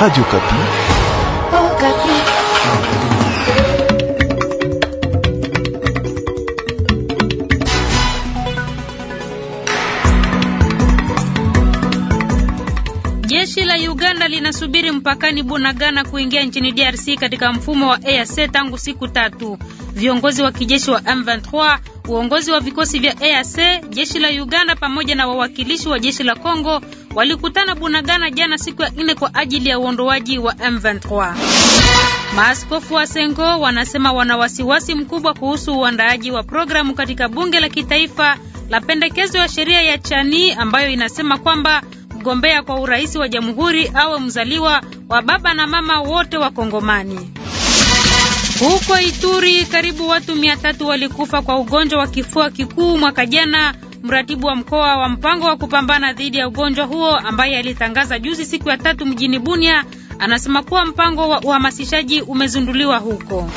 Radio Okapi. Oh, jeshi la Uganda linasubiri mpakani Bunagana kuingia nchini DRC katika mfumo wa EAC tangu siku tatu. Viongozi wa kijeshi wa M23, uongozi wa vikosi vya EAC, jeshi la Uganda pamoja na wawakilishi wa jeshi la Kongo walikutana Bunagana jana siku ya nne kwa ajili ya uondoaji wa M23. Maaskofu wa Sengo wanasema wana wasiwasi mkubwa kuhusu uandaaji wa programu katika bunge la kitaifa la pendekezo ya sheria ya Chani ambayo inasema kwamba mgombea kwa urais wa jamhuri awe mzaliwa wa baba na mama wote wa Kongomani. Huko Ituri, karibu watu mia tatu walikufa kwa ugonjwa wa kifua kikuu mwaka jana mratibu wa mkoa wa mpango wa kupambana dhidi ya ugonjwa huo ambaye alitangaza juzi siku ya tatu mjini Bunia anasema kuwa mpango wa uhamasishaji umezunduliwa huko.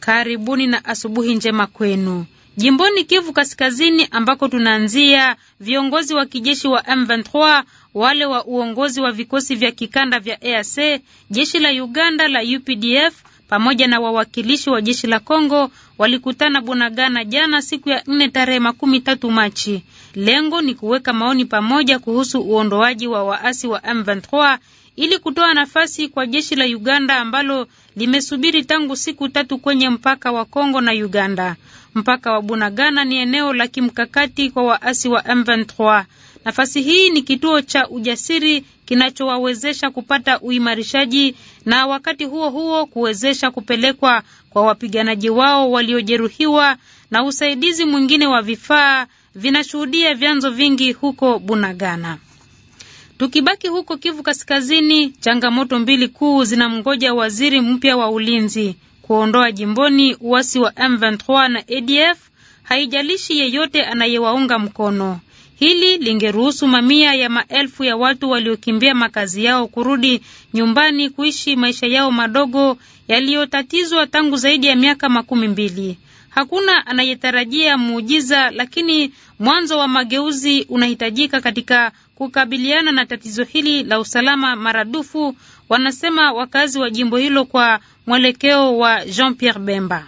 Karibuni na asubuhi njema kwenu. Jimboni Kivu Kaskazini ambako tunaanzia, viongozi wa kijeshi wa M23 wale wa uongozi wa vikosi vya kikanda vya EAC, jeshi la Uganda la UPDF pamoja na wawakilishi wa jeshi la Kongo walikutana Bunagana jana siku ya nne tarehe makumi tatu Machi. Lengo ni kuweka maoni pamoja kuhusu uondoaji wa waasi wa M23 ili kutoa nafasi kwa jeshi la Uganda ambalo limesubiri tangu siku tatu kwenye mpaka wa Kongo na Uganda. Mpaka wa Bunagana ni eneo la kimkakati kwa waasi wa M23. Nafasi hii ni kituo cha ujasiri kinachowawezesha kupata uimarishaji na wakati huo huo kuwezesha kupelekwa kwa wapiganaji wao waliojeruhiwa na usaidizi mwingine wa vifaa, vinashuhudia vyanzo vingi huko Bunagana. Tukibaki huko Kivu Kaskazini, changamoto mbili kuu zinamngoja waziri mpya wa ulinzi: kuondoa jimboni uasi wa M23 na ADF, haijalishi yeyote anayewaunga mkono. Hili lingeruhusu mamia ya maelfu ya watu waliokimbia makazi yao kurudi nyumbani kuishi maisha yao madogo yaliyotatizwa tangu zaidi ya miaka makumi mbili. Hakuna anayetarajia muujiza, lakini mwanzo wa mageuzi unahitajika katika kukabiliana na tatizo hili la usalama maradufu, wanasema wakazi wa jimbo hilo kwa mwelekeo wa Jean Pierre Bemba.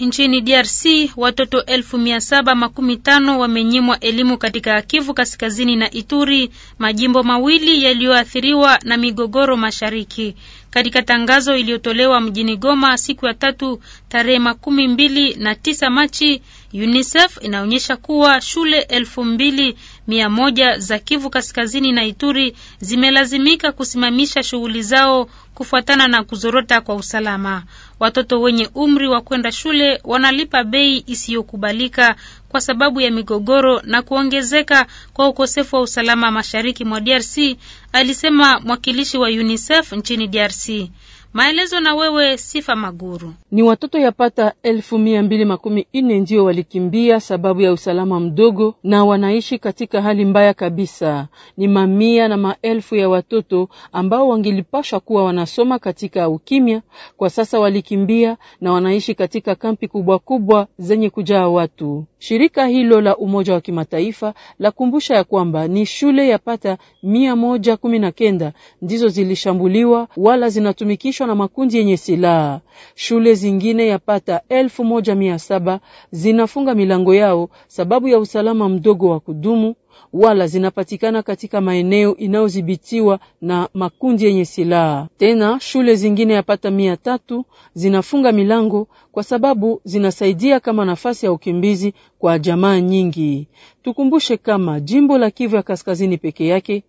Nchini DRC watoto elfu mia saba makumi tano wamenyimwa elimu katika Kivu Kaskazini na Ituri, majimbo mawili yaliyoathiriwa na migogoro mashariki. Katika tangazo iliyotolewa mjini Goma siku ya tatu tarehe makumi mbili na tisa Machi, UNICEF inaonyesha kuwa shule elfu mbili mia moja za Kivu Kaskazini na Ituri zimelazimika kusimamisha shughuli zao kufuatana na kuzorota kwa usalama. Watoto wenye umri wa kwenda shule wanalipa bei isiyokubalika kwa sababu ya migogoro na kuongezeka kwa ukosefu wa usalama mashariki mwa DRC, alisema mwakilishi wa UNICEF nchini DRC. Maelezo na wewe Sifa Maguru. Ni watoto yapata elfu mia mbili makumi nne ndio walikimbia sababu ya usalama mdogo, na wanaishi katika hali mbaya kabisa. Ni mamia na maelfu ya watoto ambao wangelipashwa kuwa wanasoma katika ukimya, kwa sasa walikimbia na wanaishi katika kampi kubwa kubwa zenye kujaa watu. Shirika hilo la Umoja wa Kimataifa la kumbusha ya kwamba ni shule ya pata mia moja kumi na kenda ndizo zilishambuliwa wala zinatumikishwa na makundi yenye silaha. Shule zingine pata elfu moja mia saba zinafunga milango yao sababu ya usalama mdogo wa kudumu wala zinapatikana katika maeneo inayodhibitiwa na makundi yenye silaha. Tena shule zingine yapata mia tatu zinafunga milango kwa sababu zinasaidia kama nafasi ya ukimbizi kwa jamaa nyingi. Tukumbushe kama jimbo la Kivu ya Kaskazini peke yake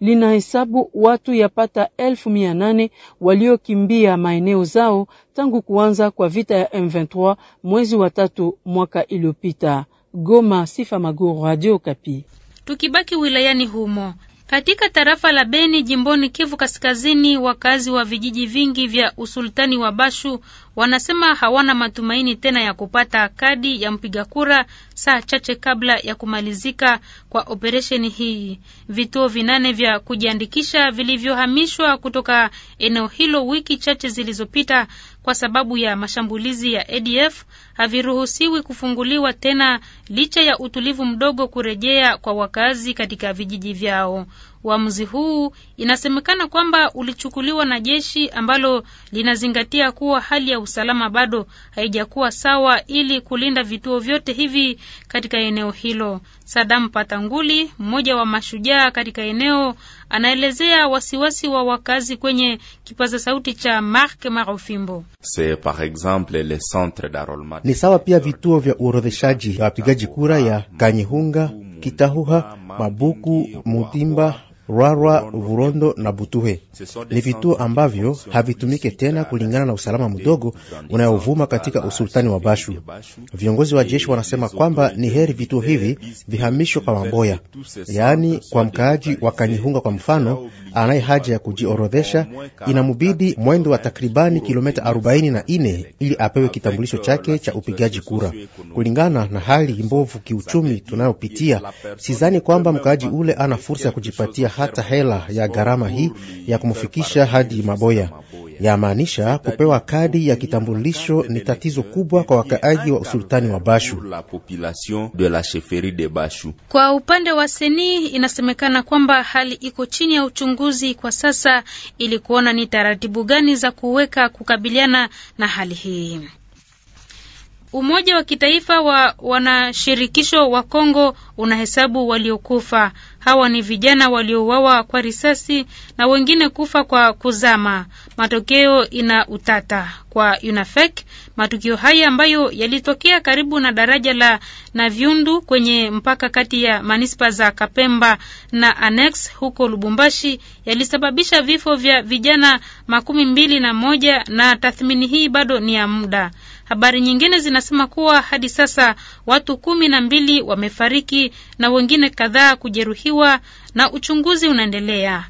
linahesabu watu yapata elfu mia nane waliokimbia maeneo zao tangu kuanza kwa vita ya M23 mwezi wa tatu mwaka iliyopita. Goma, Sifa Maguru, Radio Kapi. Tukibaki wilayani humo, katika tarafa la Beni jimboni Kivu Kaskazini, wakazi wa vijiji vingi vya usultani wa Bashu wanasema hawana matumaini tena ya kupata kadi ya mpiga kura saa chache kabla ya kumalizika kwa operesheni hii. Vituo vinane vya kujiandikisha vilivyohamishwa kutoka eneo hilo wiki chache zilizopita kwa sababu ya mashambulizi ya ADF haviruhusiwi kufunguliwa tena licha ya utulivu mdogo kurejea kwa wakazi katika vijiji vyao. Uamuzi huu inasemekana kwamba ulichukuliwa na jeshi ambalo linazingatia kuwa hali ya usalama bado haijakuwa sawa ili kulinda vituo vyote hivi katika eneo hilo. Sadam Patanguli, mmoja wa mashujaa katika eneo, anaelezea wasiwasi wa wakazi kwenye kipaza sauti cha Mark Marofimbo. Ni sawa pia vituo vya uorodheshaji ya wapigaji kura ya Kanyihunga, Kitahuha, Mabuku, Mutimba rwarwa, ruhondo na butuhe ni vituo ambavyo havitumike tena kulingana na usalama mdogo unayovuma katika usultani wa Bashu. Viongozi wa jeshi wanasema kwamba ni heri vituo hivi vihamishwe kwa Mamboya, yaani kwa mkaaji wa Kanyihunga. Kwa mfano, anaye haja ya kujiorodhesha inamubidi mwendo wa takribani kilomita 44 ili apewe kitambulisho chake cha upigaji kura. Kulingana na hali mbovu kiuchumi tunayopitia, sidhani kwamba mkaaji ule ana fursa ya kujipatia hata hela ya gharama hii ya kumfikisha hadi Maboya, yamaanisha kupewa kadi ya kitambulisho ni tatizo kubwa kwa wakaaji wa usultani wa Bashu. Kwa upande wa Seni, inasemekana kwamba hali iko chini ya uchunguzi kwa sasa ili kuona ni taratibu gani za kuweka kukabiliana na hali hii. Umoja wa Kitaifa wa Wanashirikisho wa Kongo unahesabu waliokufa. Hawa ni vijana waliouawa kwa risasi na wengine kufa kwa kuzama. Matokeo ina utata kwa UNAFEC. Matukio haya ambayo yalitokea karibu na daraja la Navyundu kwenye mpaka kati ya manispa za Kapemba na Annex huko Lubumbashi yalisababisha vifo vya vijana makumi mbili na moja na tathmini hii bado ni ya muda. Habari nyingine zinasema kuwa hadi sasa watu kumi na mbili wamefariki na wengine kadhaa kujeruhiwa na uchunguzi unaendelea.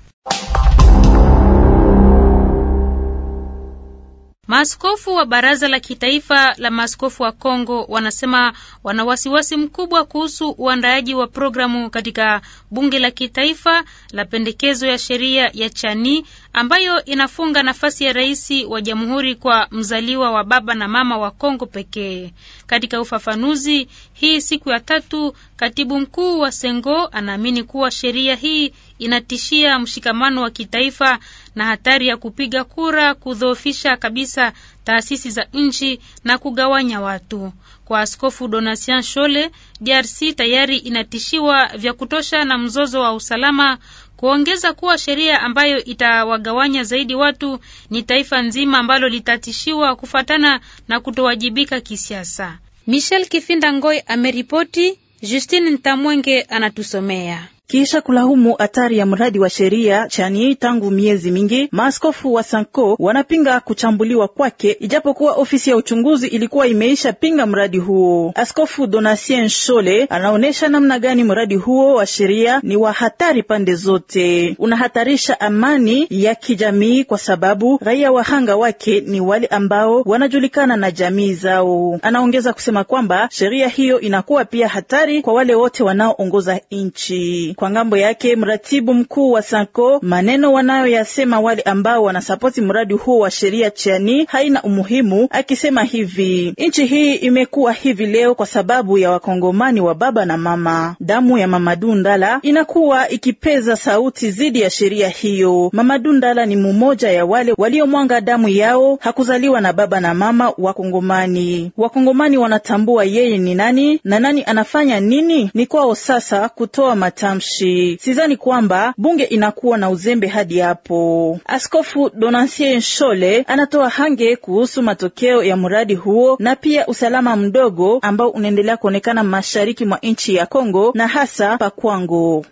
Maaskofu wa Baraza la Kitaifa la Maaskofu wa Kongo wanasema wana wasiwasi mkubwa kuhusu uandaaji wa programu katika bunge la kitaifa la pendekezo ya sheria ya chani ambayo inafunga nafasi ya rais wa jamhuri kwa mzaliwa wa baba na mama wa Kongo pekee. Katika ufafanuzi hii siku ya tatu, katibu mkuu wa Sengo anaamini kuwa sheria hii inatishia mshikamano wa kitaifa na hatari ya kupiga kura kudhoofisha kabisa taasisi za nchi na kugawanya watu. Kwa Askofu Donatien Shole, DRC tayari inatishiwa vya kutosha na mzozo wa usalama, kuongeza kuwa sheria ambayo itawagawanya zaidi watu ni taifa nzima ambalo litatishiwa kufuatana na kutowajibika kisiasa. Michel Kifinda Ngoi ameripoti, Justine Ntamwenge anatusomea kisha kulaumu hatari ya mradi wa sheria chani. Tangu miezi mingi maaskofu wa Sanko wanapinga kuchambuliwa kwake, ijapokuwa ofisi ya uchunguzi ilikuwa imeisha pinga mradi huo. Askofu Donatien Shole anaonyesha namna gani mradi huo wa sheria ni wa hatari pande zote, unahatarisha amani ya kijamii kwa sababu raia wahanga wake ni wale ambao wanajulikana na jamii zao. Anaongeza kusema kwamba sheria hiyo inakuwa pia hatari kwa wale wote wanaoongoza nchi. Kwa ngambo yake, mratibu mkuu wa Sanko, maneno wanayoyasema wale ambao wanasapoti mradi huo wa sheria chani haina umuhimu, akisema hivi: nchi hii imekuwa hivi leo kwa sababu ya wakongomani wa baba na mama. Damu ya Mamadu Ndala inakuwa ikipeza sauti dhidi ya sheria hiyo. Mamadu Ndala ni mmoja ya wale waliomwanga damu yao, hakuzaliwa na baba na mama Wakongomani. Wakongomani wanatambua yeye ni nani na nani anafanya nini, ni kwao sasa kutoa matamshi nchi. Sidhani kwamba bunge inakuwa na uzembe hadi hapo. Askofu Donatien Nshole anatoa hange kuhusu matokeo ya mradi huo na pia usalama mdogo ambao unaendelea kuonekana mashariki mwa nchi ya Kongo na hasa pakwango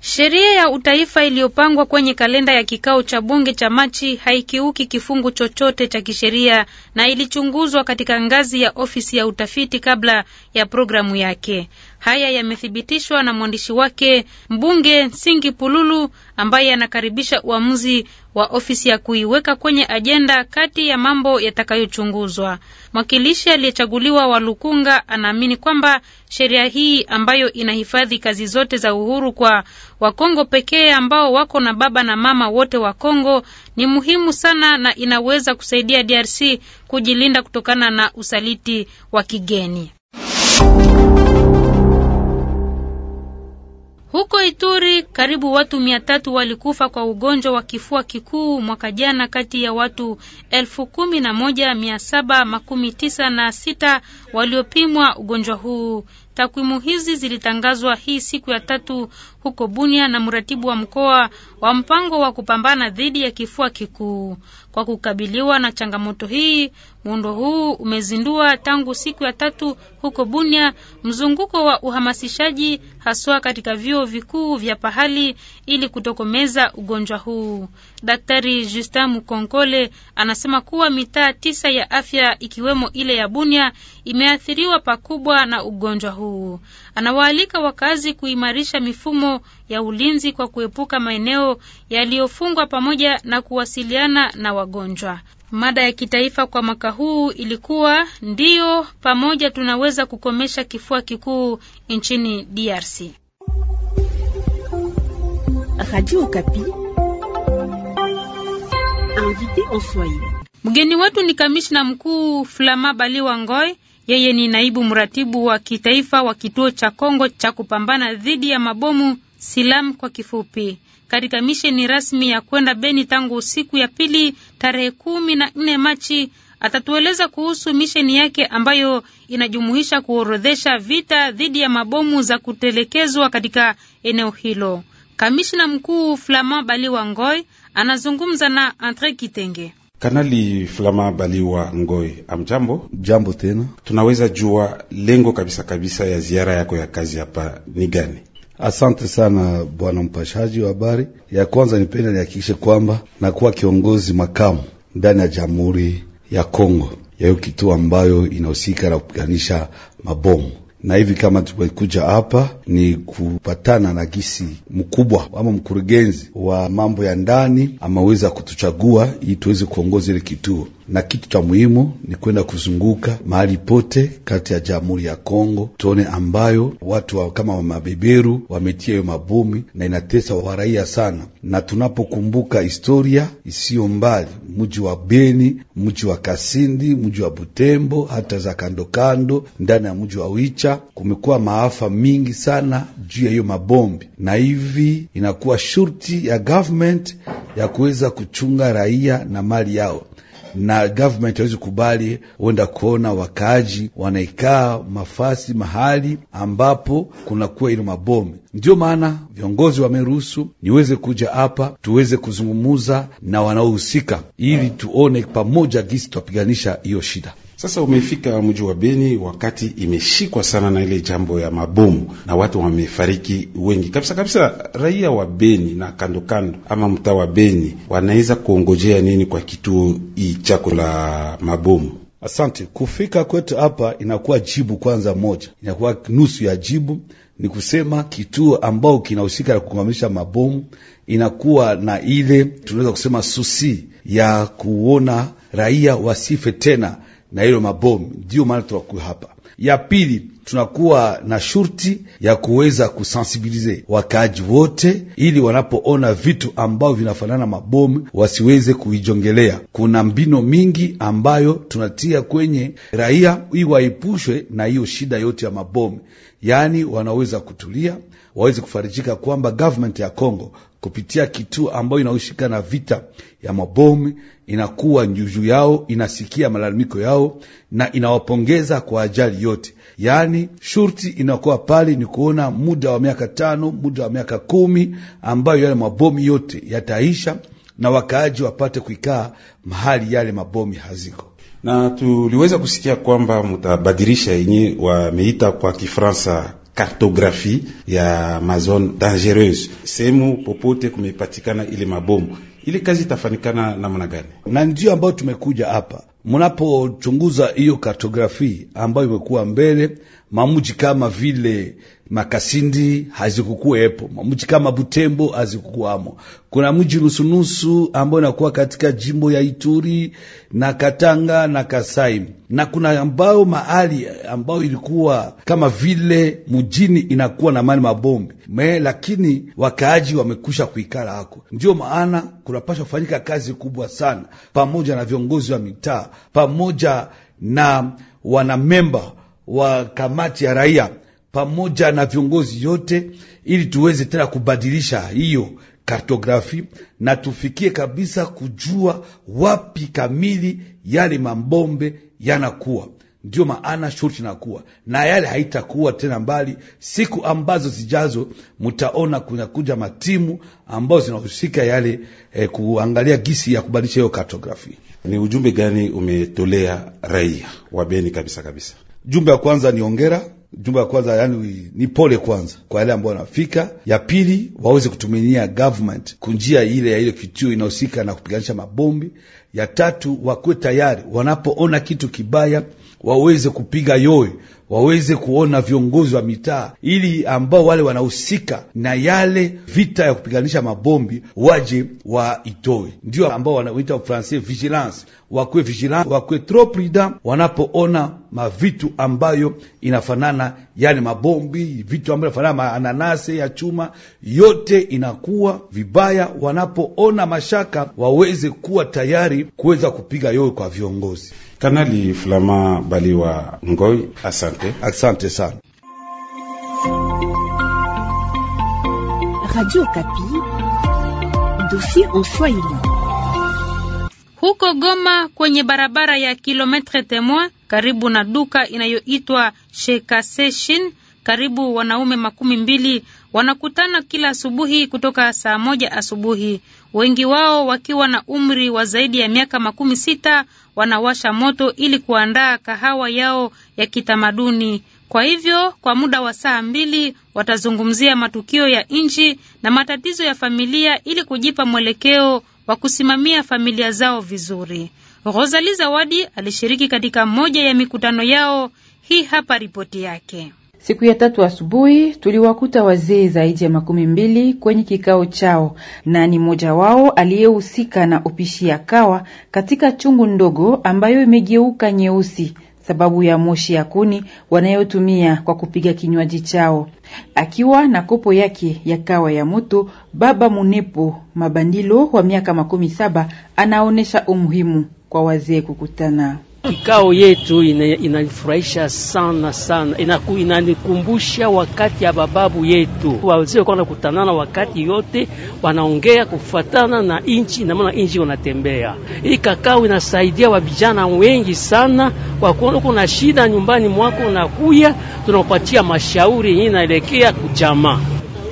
Sheria ya utaifa iliyopangwa kwenye kalenda ya kikao cha bunge cha Machi haikiuki kifungu chochote cha kisheria na ilichunguzwa katika ngazi ya ofisi ya utafiti kabla ya programu yake. Haya yamethibitishwa na mwandishi wake mbunge Nsingi Pululu ambaye anakaribisha uamuzi wa ofisi ya kuiweka kwenye ajenda kati ya mambo yatakayochunguzwa. Mwakilishi aliyechaguliwa wa Lukunga anaamini kwamba sheria hii ambayo inahifadhi kazi zote za uhuru kwa Wakongo pekee ambao wako na baba na mama wote wa Kongo ni muhimu sana na inaweza kusaidia DRC kujilinda kutokana na usaliti wa kigeni. Ituri karibu watu mia tatu walikufa kwa ugonjwa wa kifua kikuu mwaka jana kati ya watu elfu kumi na moja mia saba makumi tisa na sita waliopimwa ugonjwa huu. Takwimu hizi zilitangazwa hii siku ya tatu huko Bunia na mratibu wa mkoa wa mpango wa kupambana dhidi ya kifua kikuu. Kwa kukabiliwa na changamoto hii, muundo huu umezindua tangu siku ya tatu huko Bunia mzunguko wa uhamasishaji haswa katika vyuo vikuu vya pahali ili kutokomeza ugonjwa huu. Daktari Justin Mukonkole anasema kuwa mitaa tisa ya afya ikiwemo ile ya Bunia imeathiriwa pakubwa na ugonjwa huu. Anawaalika wakazi kuimarisha mifumo ya ulinzi kwa kuepuka maeneo yaliyofungwa pamoja na kuwasiliana na wagonjwa. Mada ya kitaifa kwa mwaka huu ilikuwa ndiyo pamoja tunaweza kukomesha kifua kikuu nchini DRC. Radio Kapi. Mgeni wetu ni kamishna mkuu Flama Bali Wangoi. Yeye ni naibu mratibu wa kitaifa wa kituo cha Kongo cha kupambana dhidi ya mabomu Silam kwa kifupi, katika misheni rasmi ya kwenda Beni tangu siku ya pili tarehe kumi na nne Machi. Atatueleza kuhusu misheni yake ambayo inajumuisha kuorodhesha vita dhidi ya mabomu za kutelekezwa katika eneo hilo. Kamishna mkuu Flamand Bali Wangoi anazungumza na Andre Kitenge. Kanali Flama Baliwa Ngoi, amjambo. Jambo tena. Tunaweza jua lengo kabisa kabisa ya ziara yako ya kazi hapa ni gani? Asante sana bwana mpashaji wa habari. Ya kwanza, nipenda nihakikishe kwamba nakuwa kiongozi makamu ndani ya Jamhuri ya Kongo yayo kituo ambayo inahusika na kupiganisha mabomu na hivi kama tumekuja hapa ni kupatana na gisi mkubwa ama mkurugenzi wa mambo ya ndani ameweza kutuchagua ili tuweze kuongoza ile kituo na kitu cha muhimu ni kwenda kuzunguka mahali pote kati ya Jamhuri ya Kongo, tuone ambayo watu wa kama wa mabeberu wametia hiyo mabomi na inatesa waraia sana. Na tunapokumbuka historia isiyo mbali, mji wa Beni, mji wa Kasindi, mji wa Butembo, hata za kandokando ndani ya mji wa Wicha, kumekuwa maafa mingi sana juu ya hiyo mabombi, na hivi inakuwa shurti ya government ya kuweza kuchunga raia na mali yao na government hawezi kubali huenda kuona wakaaji wanaikaa mafasi mahali ambapo kunakuwa ili mabomu. Ndiyo maana viongozi wameruhusu niweze kuja hapa tuweze kuzungumuza na wanaohusika, ili tuone pamoja gisi twapiganisha hiyo shida. Sasa umefika mji wa Beni, wakati imeshikwa sana na ile jambo ya mabomu na watu wamefariki wengi kabisa kabisa. Raia wa Beni na kandokando ama mtaa wa Beni wanaweza kuongojea nini kwa kituo hii chako la mabomu? Asante. Kufika kwetu hapa inakuwa jibu kwanza, moja inakuwa nusu ya jibu, ni kusema kituo ambao kinahusika na kusimamisha mabomu inakuwa na ile tunaweza kusema susi ya kuona raia wasife tena na hilo mabomu, ndio maana tunakuwa hapa. Ya pili tunakuwa na shurti ya kuweza kusensibilize wakaaji wote, ili wanapoona vitu ambavyo vinafanana mabomu wasiweze kuijongelea. Kuna mbino mingi ambayo tunatia kwenye raia ili waepushwe na hiyo shida yote ya mabomu, yaani wanaweza kutulia, waweze kufarijika kwamba government ya Kongo kupitia kituo ambayo inahusika na vita ya mabomu inakuwa njuju yao, inasikia malalamiko yao na inawapongeza kwa ajali yote, yaani fulani, shurti inakuwa pale ni kuona muda wa miaka tano, muda wa miaka kumi, ambayo yale mabomu yote yataisha na wakaaji wapate kuikaa mahali yale mabomu haziko na tuliweza kusikia kwamba mutabadilisha yenye wameita kwa Kifaransa kartografi ya mazone dangereuse, sehemu popote kumepatikana ile mabomu. Ile kazi itafanikana namna gani? Na ndio ambayo tumekuja hapa mnapochunguza hiyo kartografi ambayo imekuwa mbele mamuji kama vile Makasindi hazikukuwepo, mji kama Butembo hazikukuwamo. Kuna mji nusunusu ambao inakuwa katika jimbo ya Ituri na Katanga na Kasai, na kuna ambao mahali ambao ilikuwa kama vile mjini inakuwa na mali mabombe me, lakini wakaaji wamekusha kuikala hako. Ndio maana kunapashwa kufanyika kazi kubwa sana, pamoja na viongozi wa mitaa, pamoja na wanamemba wa kamati ya raia pamoja na viongozi yote, ili tuweze tena kubadilisha hiyo kartografi na tufikie kabisa kujua wapi kamili yale mabombe yanakuwa. ndio maana shurti nakuwa na yale haitakuwa tena mbali. Siku ambazo zijazo, mtaona kunakuja matimu ambayo zinahusika yale eh, kuangalia gisi ya kubadilisha hiyo kartografi. Ni ujumbe gani umetolea raia wa Beni? Kabisa kabisa, jumbe ya kwanza ni ongera jumba ya kwanza, yani ni pole kwanza kwa yale ambao wanafika. Ya pili waweze kutumania government kunjia ile ya ile kituo inahusika na kupiganisha mabombi ya tatu, wakuwe tayari wanapoona kitu kibaya waweze kupiga yoe waweze kuona viongozi wa mitaa, ili ambao wale wanahusika na yale vita ya kupiganisha mabombi waje waitoe. Ndio ambao wanaita francais vigilance, wakuwe vigilance, wakuwe trop prudent wanapoona mavitu ambayo inafanana, yani mabombi, vitu ambayo inafanana maananase ya chuma, yote inakuwa vibaya. Wanapoona mashaka waweze kuwa tayari kuweza kupiga yoyo kwa viongozi. Kanali Flama Baliwa Ngoi, asante, asante sana. Radio Kapi, dosi en Swahili. Huko Goma kwenye barabara ya kilometre temoin karibu na duka inayoitwa Shekaseshin, karibu wanaume makumi mbili wanakutana kila asubuhi kutoka saa moja asubuhi. Wengi wao wakiwa na umri wa zaidi ya miaka makumi sita wanawasha moto ili kuandaa kahawa yao ya kitamaduni. Kwa hivyo kwa muda wa saa mbili watazungumzia matukio ya nchi na matatizo ya familia ili kujipa mwelekeo wa kusimamia familia zao vizuri. rosali Zawadi alishiriki katika moja ya mikutano yao. Hii hapa ripoti yake. Siku ya tatu asubuhi tuliwakuta wazee zaidi ya makumi mbili kwenye kikao chao, na ni mmoja wao aliyehusika na upishi ya kawa katika chungu ndogo ambayo imegeuka nyeusi sababu ya moshi ya kuni wanayotumia kwa kupiga kinywaji chao. Akiwa na kopo yake ya kawa ya moto, Baba Munepo Mabandilo wa miaka makumi saba anaonyesha umuhimu kwa wazee kukutana. Kikao yetu inanifurahisha ina sana sana, inanikumbusha wakati ya bababu yetu, wazee walikuwa kutanana, wakati yote wanaongea kufatana na inchi, namna inchi wanatembea. Hii kakao inasaidia wavijana wengi sana, wakuona uko na shida nyumbani mwako, unakuya tunakupatia mashauri yenye inaelekea kujamaa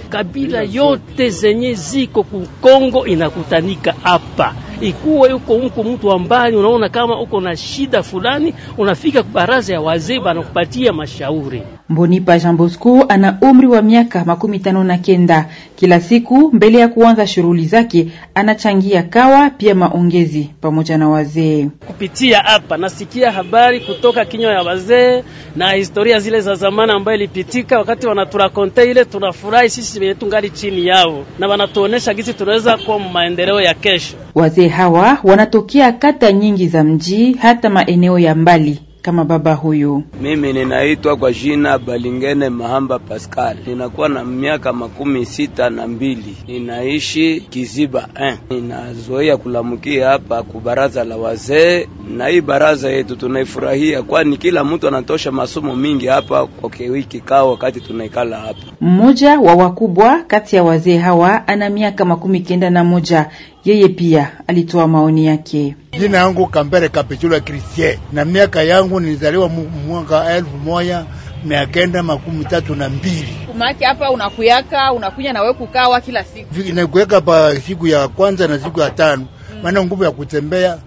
kabila yote zenye ziko kukongo inakutanika hapa. Ikuwe yuko huko mtu wa mbali, unaona kama uko na shida fulani, unafika baraza ya wazee banakupatia mashauri. Mbonipa Jean Bosco ana umri wa miaka makumi tano na kenda. Kila siku mbele ya kuanza shughuli zake anachangia kawa pia maongezi pamoja na wazee. Kupitia hapa nasikia habari kutoka kinywa ya wazee na historia zile za zamani ambayo ilipitika, wakati wanaturakonte ile, tunafurahi sisi wenye tungali chini yao, na wanatuonesha gisi tunaweza kuwa maendeleo ya kesho. Wazee hawa wanatokea kata nyingi za mji hata maeneo ya mbali kama baba huyu. Mimi ninaitwa kwa jina Balingene Mahamba Pascal, ninakuwa na miaka makumi sita na mbili, ninaishi Kiziba eh. Ninazoea kulamukia hapa ku baraza la wazee, na hii baraza yetu tunaifurahia, kwani kila mtu anatosha masomo mingi hapa kwa wiki kao wakati tunaikala hapa. Mmoja wa wakubwa kati ya wazee hawa ana miaka makumi kenda na moja yeye pia alitoa maoni yake. Jina yangu Kambere Kapichula kristien na miaka yangu nilizaliwa mwaka elfu moja mia kenda makumi tatu na mbili. Umaki hapa unakuyaka unakunya na wewe kukawa kila siku inakuweka pa siku ya kwanza na siku ya tano, mm. maana mm, nguvu ya kutembea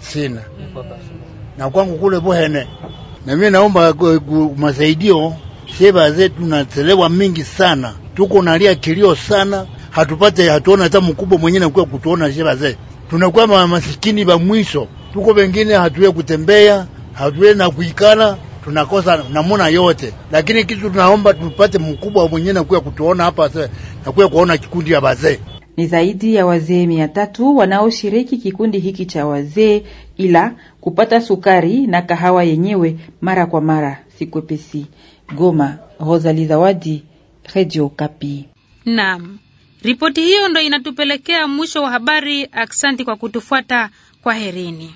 sina mm, na kwangu kule Bohene, na mimi naomba masaidio sheba zetu, tunachelewa mingi sana, tuko nalia kilio sana hatupate hatuona hata mkubwa mwenyewe nakuwa kutuona shira bazee, tunakuwa masikini ba mwisho. Tuko wengine hatuwe kutembea, hatuwe na kuikala, tunakosa namuna yote, lakini kitu tunaomba tupate mkubwa mwenyewe nakuwa kutuona hapa nakuwa kuona kikundi ya bazee ni zaidi ya wazee mia tatu wanaoshiriki kikundi hiki cha wazee, ila kupata sukari na kahawa yenyewe mara kwa mara si kwepesi. Goma, Rosalie Zawadi, Radio Kapi. Naam. Ripoti hiyo ndo inatupelekea mwisho wa habari. Aksanti kwa kutufuata. Kwaherini.